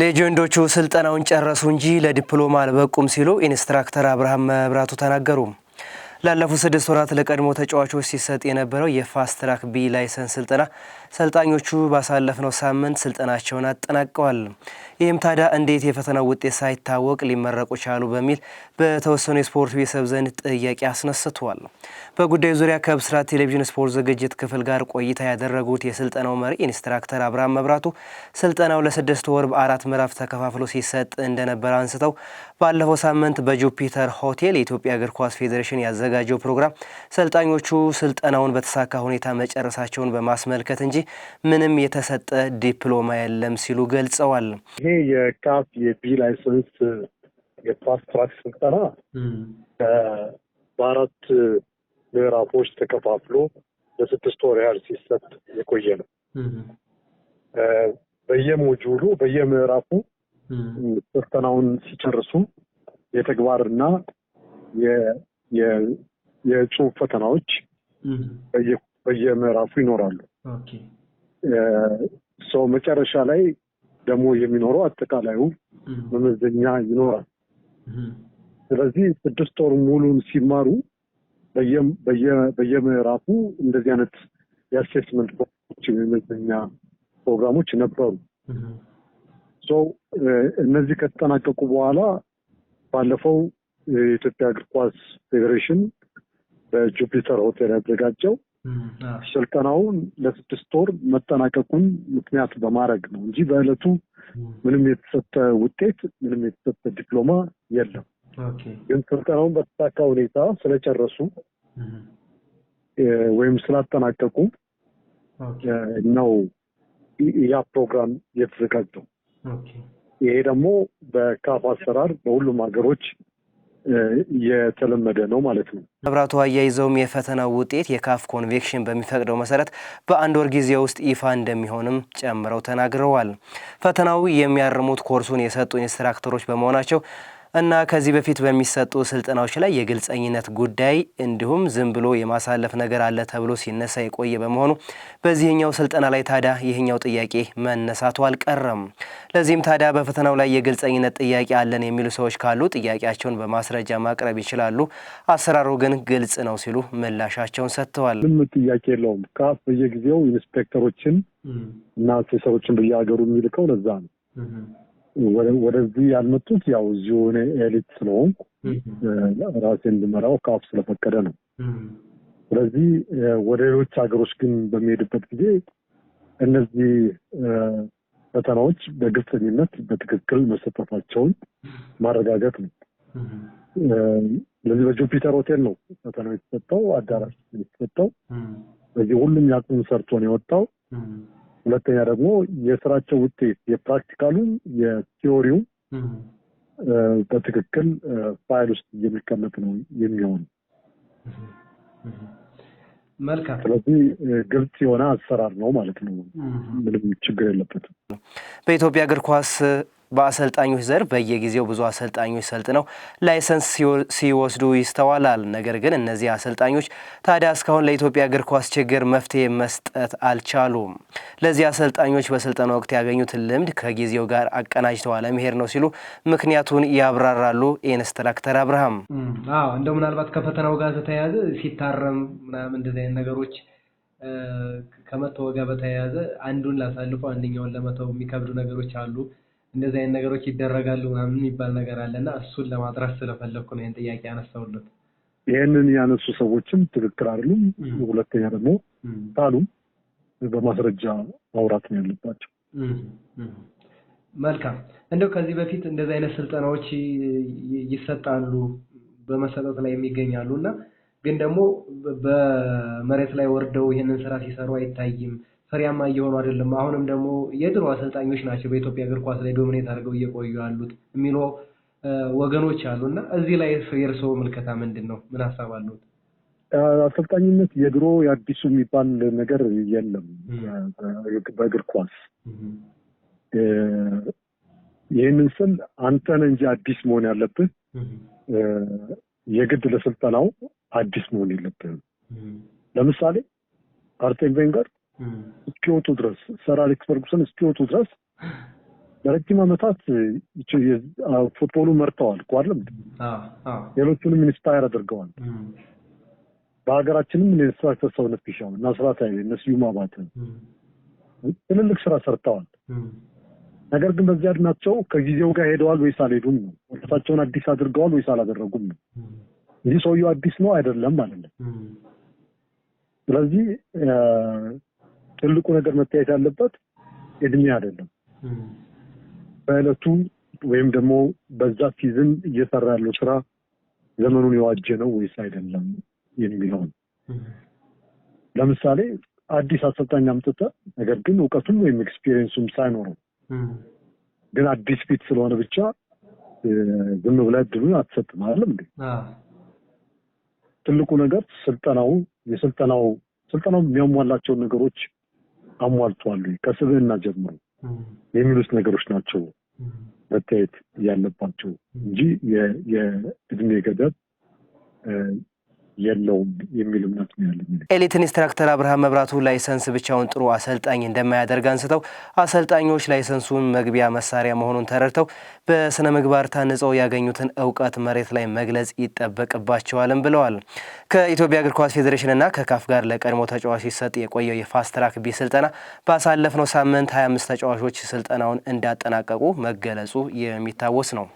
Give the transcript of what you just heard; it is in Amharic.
ሌጀንዶቹ ስልጠናውን ጨረሱ እንጂ ለዲፕሎማ አልበቁም ሲሉ ኢንስትራክተር አብርሃም መብራቱ ተናገሩ። ላለፉት ስድስት ወራት ለቀድሞ ተጫዋቾች ሲሰጥ የነበረው የፋስትራክ ቢ ላይሰንስ ስልጠና ሰልጣኞቹ ባሳለፍነው ሳምንት ስልጠናቸውን አጠናቀዋል። ይህም ታዲያ እንዴት የፈተናው ውጤት ሳይታወቅ ሊመረቁ ቻሉ በሚል በተወሰኑ የስፖርት ቤተሰብ ዘንድ ጥያቄ አስነስቷል። በጉዳዩ ዙሪያ ከብስራት ቴሌቪዥን ስፖርት ዝግጅት ክፍል ጋር ቆይታ ያደረጉት የስልጠናው መሪ ኢንስትራክተር አብርሃም መብራቱ ስልጠናው ለስድስት ወር በአራት ምዕራፍ ተከፋፍሎ ሲሰጥ እንደነበረ አንስተው ባለፈው ሳምንት በጁፒተር ሆቴል የኢትዮጵያ እግር ኳስ ፌዴሬሽን ያዘጋጀው ፕሮግራም ሰልጣኞቹ ስልጠናውን በተሳካ ሁኔታ መጨረሳቸውን በማስመልከት እንጂ ምንም የተሰጠ ዲፕሎማ የለም ሲሉ ገልጸዋል። ይሄ የካፍ የቢ ላይሰንስ የፓስትራክ ስልጠና በአራት ምዕራፎች ተከፋፍሎ ለስድስት ወር ያህል ሲሰጥ የቆየ ነው። በየሞጁሉ በየምዕራፉ ስልጠናውን ሲጨርሱ የተግባርና የጽሁፍ ፈተናዎች በየምዕራፉ ይኖራሉ። ሰው መጨረሻ ላይ ደግሞ የሚኖረው አጠቃላዩ መመዘኛ ይኖራል። ስለዚህ ስድስት ወር ሙሉን ሲማሩ በየምዕራፉ እንደዚህ አይነት የአሴስመንት ፕሮግራሞች የመመዘኛ ፕሮግራሞች ነበሩ። እነዚህ ከተጠናቀቁ በኋላ ባለፈው የኢትዮጵያ እግር ኳስ ፌዴሬሽን በጁፒተር ሆቴል ያዘጋጀው ስልጠናውን ለስድስት ወር መጠናቀቁን ምክንያት በማድረግ ነው እንጂ በእለቱ ምንም የተሰጠ ውጤት፣ ምንም የተሰጠ ዲፕሎማ የለም። ግን ስልጠናውን በተሳካ ሁኔታ ስለጨረሱ ወይም ስላጠናቀቁ ነው ያ ፕሮግራም የተዘጋጀው። ይሄ ደግሞ በካፍ አሰራር በሁሉም ሀገሮች የተለመደ ነው ማለት ነው። መብራቱ አያይዘውም የፈተናው ውጤት የካፍ ኮንቬክሽን በሚፈቅደው መሰረት በአንድ ወር ጊዜ ውስጥ ይፋ እንደሚሆንም ጨምረው ተናግረዋል። ፈተናው የሚያርሙት ኮርሱን የሰጡ ኢንስትራክተሮች በመሆናቸው እና ከዚህ በፊት በሚሰጡ ስልጠናዎች ላይ የግልጸኝነት ጉዳይ እንዲሁም ዝም ብሎ የማሳለፍ ነገር አለ ተብሎ ሲነሳ የቆየ በመሆኑ በዚህኛው ስልጠና ላይ ታዲያ ይህኛው ጥያቄ መነሳቱ አልቀረም። ለዚህም ታዲያ በፈተናው ላይ የግልጸኝነት ጥያቄ አለን የሚሉ ሰዎች ካሉ ጥያቄያቸውን በማስረጃ ማቅረብ ይችላሉ። አሰራሩ ግን ግልጽ ነው ሲሉ ምላሻቸውን ሰጥተዋል። ምንም ጥያቄ የለውም። ካፍ በየጊዜው ኢንስፔክተሮችን እና አሴሰሮችን በየሀገሩ የሚልከው ለዛ ነው። ወደዚህ ያልመጡት ያው እዚሁ እኔ ኤሊት ስለሆንኩ ራሴ እንድመራው ካፍ ስለፈቀደ ነው። ስለዚህ ወደ ሌሎች ሀገሮች ግን በሚሄድበት ጊዜ እነዚህ ፈተናዎች በግልጸኝነት በትክክል መሰጠታቸውን ማረጋገጥ ነው። ለዚህ በጁፒተር ሆቴል ነው ፈተና የተሰጠው፣ አዳራሽ የተሰጠው። በዚህ ሁሉም የአቅሙን ሰርቶ ነው የወጣው። ሁለተኛ ደግሞ የስራቸው ውጤት የፕራክቲካሉም የቲዎሪውም በትክክል ፋይል ውስጥ የሚቀመጥ ነው የሚሆን መልካም። ስለዚህ ግልጽ የሆነ አሰራር ነው ማለት ነው። ምንም ችግር የለበትም። በኢትዮጵያ እግር ኳስ በአሰልጣኞች ዘርፍ በየጊዜው ብዙ አሰልጣኞች ሰልጥነው ላይሰንስ ሲወስዱ ይስተዋላል። ነገር ግን እነዚህ አሰልጣኞች ታዲያ እስካሁን ለኢትዮጵያ እግር ኳስ ችግር መፍትሄ መስጠት አልቻሉም። ለዚህ አሰልጣኞች በስልጠና ወቅት ያገኙትን ልምድ ከጊዜው ጋር አቀናጅተው አለመሄድ ነው ሲሉ ምክንያቱን ያብራራሉ። ኢንስትራክተር አብርሃም እንደ ምናልባት ከፈተናው ጋር በተያያዘ ሲታረም ምናምን እንደዚህ አይነት ነገሮች ከመተወጋ በተያያዘ አንዱን ላሳልፎ አንደኛውን ለመተው የሚከብዱ ነገሮች አሉ። እንደዚህ አይነት ነገሮች ይደረጋሉ ምናምን የሚባል ነገር አለና እሱን ለማጥራት ስለፈለግኩ ነው ይህን ጥያቄ ያነሳውለት። ይህንን ያነሱ ሰዎችም ትክክል አይደሉም። ሁለተኛ ደግሞ ካሉም በማስረጃ ማውራት ነው ያለባቸው። መልካም እንደው ከዚህ በፊት እንደዚህ አይነት ስልጠናዎች ይሰጣሉ፣ በመሰጠት ላይ የሚገኛሉ እና ግን ደግሞ በመሬት ላይ ወርደው ይህንን ስራ ሲሰሩ አይታይም። ፍሬያማ እየሆኑ አይደለም። አሁንም ደግሞ የድሮ አሰልጣኞች ናቸው በኢትዮጵያ እግር ኳስ ላይ ዶሚኔት አድርገው እየቆዩ ያሉት የሚሉ ወገኖች አሉ እና እዚህ ላይ የእርስዎ ምልከታ ምንድን ነው? ምን ሀሳብ አሉት? አሰልጣኝነት የድሮ የአዲሱ የሚባል ነገር የለም በእግር ኳስ። ይህንን ስል አንተን እንጂ አዲስ መሆን ያለብህ የግድ ለስልጠናው አዲስ መሆን የለብህም። ለምሳሌ አርቴን ቬንገር እስኪወጡ ድረስ ሰር አሌክስ ፈርጉሰን እስኪወጡ ድረስ ለረጅም ዓመታት ፉትቦሉ መርተዋል እኮ ሌሎቹንም ኢንስፓየር አድርገዋል። በሀገራችንም ኢንስትራክተር ሰውነት ቢሻው ናስራት ኃይሌ፣ እነ ስዩም አባተ ትልልቅ ስራ ሰርተዋል። ነገር ግን በዚህ አድማቸው ከጊዜው ጋር ሄደዋል ወይስ አልሄዱም ነው። ወጣታቸውን አዲስ አድርገዋል ወይስ አላደረጉም ነው እዚህ ሰውየው አዲስ ነው አይደለም ማለት ነው። ስለዚህ ትልቁ ነገር መታየት ያለበት እድሜ አይደለም። በእለቱ ወይም ደግሞ በዛ ሲዝን እየሰራ ያለው ስራ ዘመኑን የዋጀ ነው ወይስ አይደለም የሚለውን ለምሳሌ አዲስ አሰልጣኝ አምጥተ ነገር ግን እውቀቱም ወይም ኤክስፒሪየንሱም ሳይኖረው ግን አዲስ ፊት ስለሆነ ብቻ ዝም ብላ ድሉ አትሰጥም አለም እንዴ? ትልቁ ነገር ስልጠናው የስልጠናው ስልጠናው የሚያሟላቸውን ነገሮች አሟልቷል ከስብህና ጀምሮ የሚሉት ነገሮች ናቸው መታየት ያለባቸው እንጂ የእድሜ ገደብ የለውም የሚል እምነት ነው ያለ። ኤሊት ኢንስትራክተር አብርሃም መብራቱ ላይሰንስ ብቻውን ጥሩ አሰልጣኝ እንደማያደርግ አንስተው አሰልጣኞች ላይሰንሱን መግቢያ መሳሪያ መሆኑን ተረድተው በስነ ምግባር ታንጸው ያገኙትን እውቀት መሬት ላይ መግለጽ ይጠበቅባቸዋልም ብለዋል። ከኢትዮጵያ እግር ኳስ ፌዴሬሽንና ከካፍ ጋር ለቀድሞ ተጫዋች ሲሰጥ የቆየው የፋስትራክ ቢ ስልጠና ባሳለፍነው ሳምንት 25 ተጫዋቾች ስልጠናውን እንዳጠናቀቁ መገለጹ የሚታወስ ነው።